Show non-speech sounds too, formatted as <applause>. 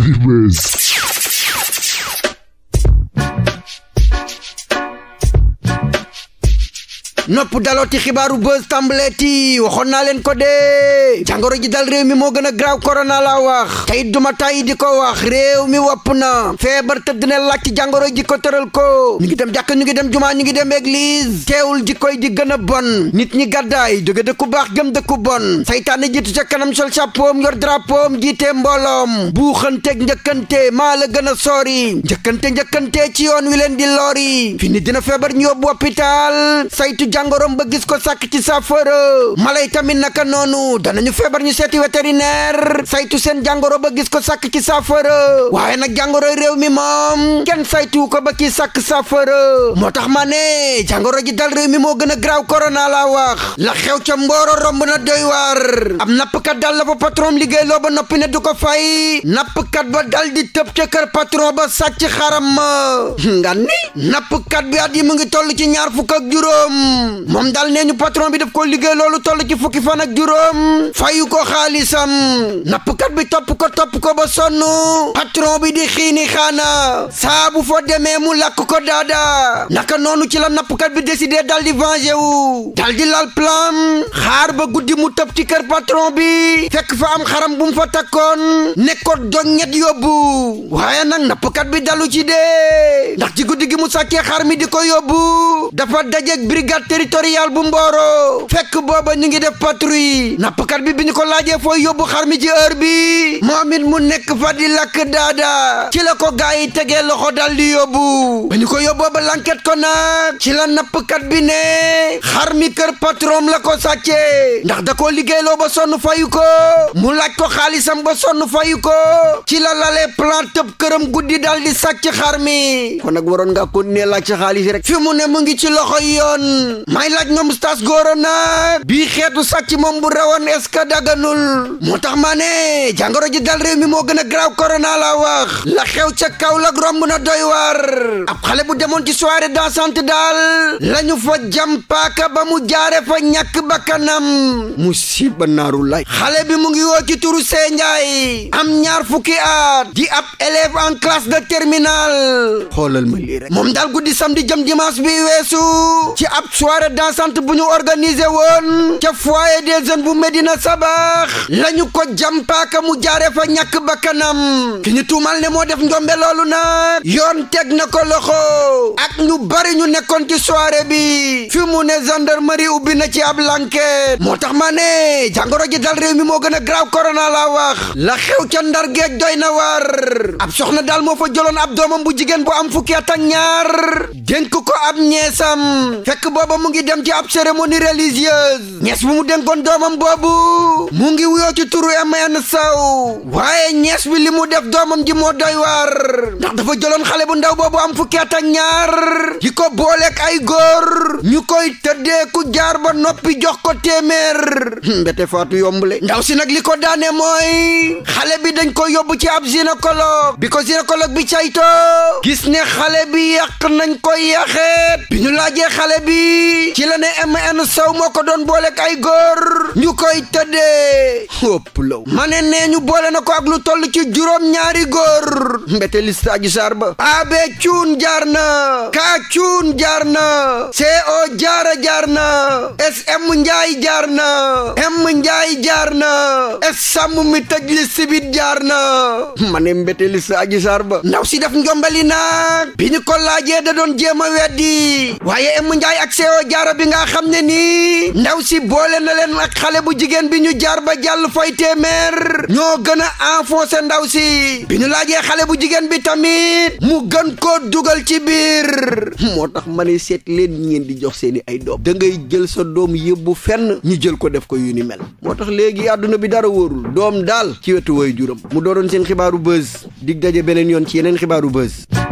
Heavy Mess. nopp dalooti xibaaru buzz tàmbaleeti waxoon naa leen ko dee jàngoro ji dal réew mi moo gën a graaw korona la wax tey duma tàyyi di ko wax réew mi wopp na feebar tëdd na laaj ci jàngoro ji ko tëral ko ñu ngi dem jàkk ñu ngi dem jumaa ñu ngi dem église teewul ji koy di gën a bon nit ñi gàddaay jóge dëkku baax gëm dëkku bon saytaane jiitu ca kanam sol chapeau yor drapeau jiite bu buuxanteeg njëkkante maa la gën a soori njëkkante njëkkante ci yoon wi leen di lori fi nit dina feebar ñu yóbbu hôpital jàngoroom ba gis ko sàkk ci saafara mala yi tamit naka noonu danañu feebar ñu seeti vétérinaire saytu seen jàngoro ba gis ko sàkk ci saafara waaye nag jàngoro réew mi moom kenn saytu ko ba ci sàkk saafara moo tax ma ne jàngoro ji dal réew mi moo gën a graaw corona laa wax la xew ca mbooro romb na doy waar ab nappkat dal la ba patron liggéey loo ba noppi ne du ko fay nappkat ba dal di tëb ca ba sàcc xaram ma <laughs> nga ni nappkat bi at yi mu ci ñaar fukk ak juróom moom daal nee ñu patron bi def ko liggéey loolu toll ci fukki fan ak juróom fayu ko xaalisam nappkat bi topp ko topp ko ba sonn patron bi di xiini xaana saa bu fa demee mu lakk ko daada naka noonu ci la nappkat bi décidé dal di venger di lal plan xaar ba guddi mu tëb ci kër patron bi fekk fa am xaram bu mu fa takkoon nekkoon joñet yóbbu waaye nag nappkat bi dalu ci dee ndax ci guddi gi mu sàkkee xar mi di ko yóbbu dafa dajeeg brigade territorial bu Mboro fekk booba ñu ngi def patrouille nappkat bi bi ñu ko laajee fooy yóbbu xar mi ci heure bi moom it mu nekk fa di lakk daada ci la ko gaa yi tegee loxo dal di yóbbu ba ñu ko yóbboo ba l'enquête ko nag ci la nappkat bi ne xar mi kër patron la ko sàccee ndax da koo liggéeyloo ba sonn fayu ko mu laaj ko xaalisam ba sonn fayu ko ci la lalee plan tëb këram guddi daal di sàcc xar mi kon nag waroon nga continuer laaj sa xaalis rek fi mu ne mu ngi ci loxo yoon may laaj ñoom stas góoro nag bii xeetu sàcc moom bu rawoon est-ce que daganul moo tax maa ne jàngoro ji dal réew mi moo gën a graaw korona la wax la xew ca kaw la romb na doy war ab xale bu demoon ci soirée dansante daal lañu ba mu jaare fa ñàkk bakkanam musiba naaru lay xale bi mu ngi woo ci turu seenjaay am ñaar fukki at di ab élève en classe de terminale xoolal ma lii rek moom daal guddi samedi jëm dimanche bi weesu ci ab soirée dansante bu ñu organisé woon ca foyer des jeunes bu Médina Sabax lañu ko jàmpaaka mu jaare fa ñàkk bakkanam ki ñu tuumal ne moo def njombe loolu nag yoon teg na ko loxo ak ñu bari ñu nekkoon ci soirée bi fi mu ne gendarmerie ubbi na ci ab lanket moo tax ma ne jàngoro ji dal réew mi moo gën a grave corona laa wax la xew ca ndar géej doy na war ab soxna daal moo fa jëloon ab doomam bu jigéen bu am fukki at ak ñaar dénk ko ab ñeesam fekk booba mu ngi dem ci ab cérémonie religieuse ñees bu mu dénkoon doomam boobu mu ngi wuyoo ci turu MN Sow waaye ñees bi li mu def doomam ji moo doy war ndax dafa jëloon xale bu ndaw boobu am fukki at ak ñaar ko booleek ay góor ñu ku jaar ba noppi jox ko téeméer hmm, mbete faatu yombule ndaw si nag li ko daane mooy xale bi dañ ko yóbbu ci ab gynécologue bi ko gynécologue bi cayto gis ne xale bi yàq nañ ko yaxeet bi ñu laajee xale bi ci la ne MN Sow moo ko doon booleek ay góor ñu koy tëddee ëpp law ma ne nee ñu boole na ko ak lu toll ci juróom ñaari góor mbete liste aji saar ba abe cuun jaar na kaa cuun jaar na co jaara jaar na na SM Ndiaye jaar na M Ndiaye jaar na S sàmm mi tëj li sibit jaar na <laughs> ma ne mbéte li sa aji saar ba ndaw si def njombali nag bi ñu ko laajee da doon jéem a weddi waaye M Ndiaye ak sewo jaara bi nga xam ne nii ndaw si boole na leen ak xale bu jigéen bi ñu jaar ba jàll fay téeméer ñoo gën a enfoncé ndaw si bi ñu laajee xale bu jigéen bi tamit mu gën koo dugal ci biir <laughs> moo tax ma seet leen ñeen di jox seeni ay doom ngay jël sa doom yóbbu fenn ñu jël ko def ko yu ni mel moo tax léegi àdduna bi dara wóorul doom daal ci wetu way juram mu dooroon seen xibaaru buzz dig daje beneen yoon ci yeneen xibaaru buzz